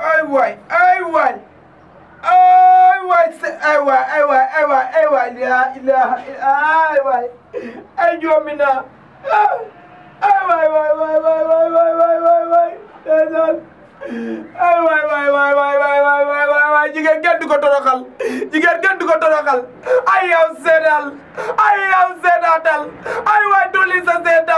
ay waay ay waay ay waay ay waay ay waay ay waay ay waay laa ilaaha ay waay ay joomi naa ay waay waay waay waay waay waay waay waay waay ndeysaan ay waay waay waay waay waay waay waay waay waay jigéen kenn du ko toroxal jigéen kenn du ko toroxal ay yow seedal ay yow seedaatal ay waay dolli sa seed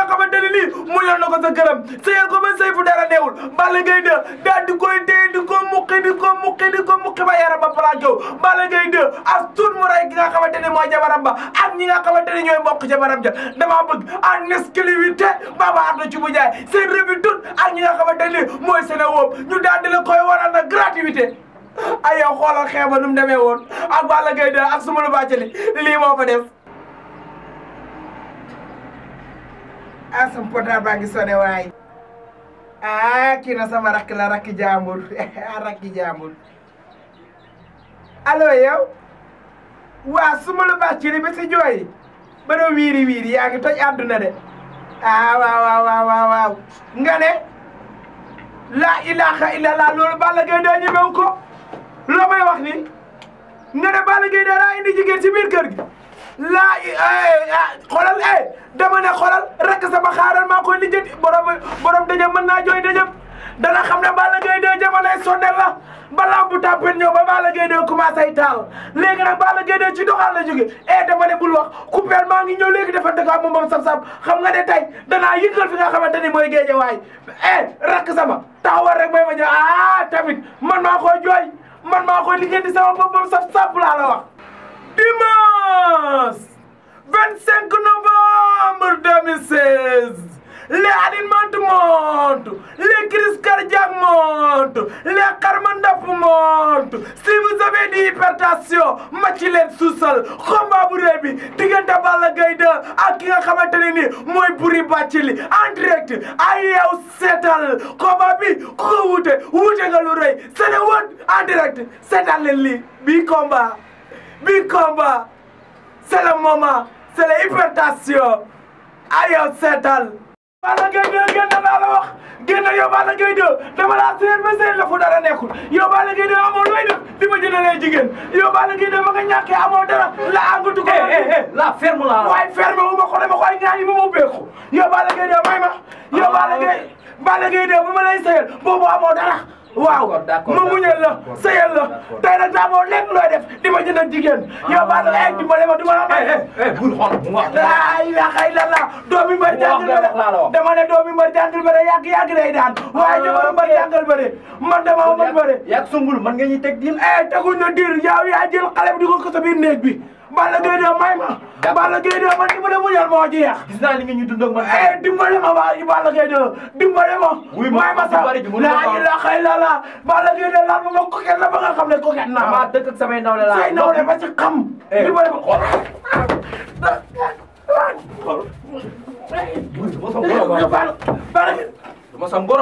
nga xamante ni lii mu yor na ko sa këram sëyal ko ba sëy fu dara neewul Balla Gaye 2 daal di koy téye di ko muqi di ko muqi di ko muqi ba yaram ba plaqué Balla Gaye 2 as tuut mu rey ki nga xamante ni mooy jabaram ba ak ñi nga xamante ni ñooy mbokk jabaram ja dama bëgg en exclusivité baba ardo ci bu jaay seen revue tout ak ñi nga xamante ni mooy seen wóob ñu daal di la koy waral na gratuité ay yow xoolal xeeba nu mu woon ak Balla Gaye 2 ak suma lu bàccali lii moo fa def ah sama baa ngi sone waay ah kii na sama rakk la rakki jàmbur ah rakki jàmbur allo yow waa su ma la baax ci jooy ba doon wiiri wiiri yaa ngi toj àdduna de ah waaw waaw waaw waaw nga ne laa ilaaha illallah loolu Balla Gaye daa ñemewu ko loo may wax ni nga ne Balla Gaye daa indi jigéen ci biir kër gi. laa eh, ah, xoolal eh dama ne xoolal rek sama xaaral maa koy lijjanti borom borom dëjëm mën naa jooy dëjëm dana xam ne Balla Gaye 2 jamonoy sondel la ba lamb bu tàmpet ñëw ba Balla Gaye 2 commencé taal léegi nag Balla Gaye 2 ci doxal la jóge eh dama ne bul wax coupeel maa ngi ñëw léegi dafa dëkk ak moom sab-sab xam nga ne tey danaa yëngal fi nga xamante ni mooy géeje waay eh rakk sama taxawal rek may ma ñëw ah tamit man maa koy jooy man maa koy liggéey di sama boppam sab-sab laa la les xarma ndap monte si vous avez des hypertension macc leen suusal combat bu rëy bi diggante Balla Gaye 2 ak ki nga xamante ne ni mooy Boury Bathily en direct ay yeew seetal combat bi ku ko wuute wuute nga lu rëy Sénéwood en Balla Gaye 2 génn naa la wax génn yow Balla Gaye 2 dama laa seen ba seen la fu dara nekkul yow Balla Gaye 2 amoo looy def di ma jëndalee jigéen yow Balla Gaye 2 ma nga ñàkkee amoo dara la àggatu ko eh, eh, eh, la ferme la waaye ferme wu ma ko dama koy ñaan yi ma ubbeeku yow Balla Gaye 2 may ma yow Balla ah. Gaye Balla Gaye 2 bu ma lay seyal boobu amoo dara waaw ma muñal la sëyal la tey nag daa boo lépp looy def di ma jënd ak jigéen ah. yow baa la ay eh, dimbale ma du ma la may eh, eh, bul xool laa ilaha illallah doomi mbër jàngal bëre dama ne doomi mbër jàngal bëre yàgg yàgg lay daan ah, waaye dama mbër jàngal bëre man dama mbër ma yàgg sungul man nga ñuy teg di eh teguñ na diir yow yaa jël xale bi di ko ko sa biir néeg bi Balla Gaye de may ma. Balla Gaye de man dimbale mu yar moo jeex. gis naa li nga ñu dund ak man. Eh, dimbale ma waa Balla Gaye de dimbale ma. wuy ma ma sa laa ilaaha illallaah Balla Gaye de laal ma ma koket la ba nga xam ne koket naa. maa dëkk ak ci xam. Eh. dimbale ma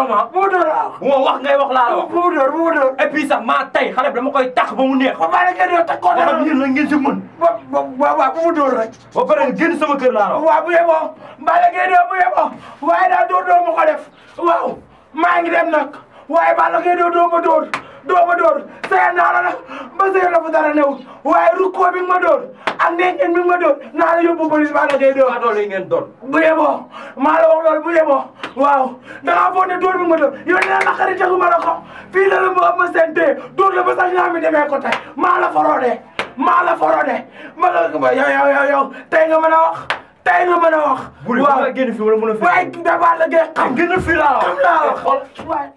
morom ah. bu ma wax ngay wax laa la wax. bu mu door et puis sax maa tay xale bi dama koy tax ba mu neex. ba pare ngeen doon tax koo dara ba ngeen ngeen si mën. ba ba waaw bu mu door rek. ba pare génn sama kër laa la wax. waaw bu yeboo mbaa la ngeen doon bu yeboo waaye daal door doo ma ko def waaw maa ngi dem nag waaye mbaa la ngeen doon doo ma door. doo ma door sëyal naa la nag ba sëyal la fa dara newul waaye rukkoo bi nga ma door ak ndengeen bi nga ma door naa la yóbbu police maa la ngay door. maa doon ngeen doon. bu yeboo maa la wax loolu bu yeboo waaw dangaa foog ne dóor bi ma dóor yow nee na la fii la la ma am ma seen tee dóor la ba sax ñaar mi demee ko tey maa la foroo maa la foroo de ma la ko yow yow yow yow tey nga mën a wax tey nga mën a wax. waaw bu dee la génn fii wala mën a fi. waaye damaa la gën xam. génn fii laa wax xam laa wax.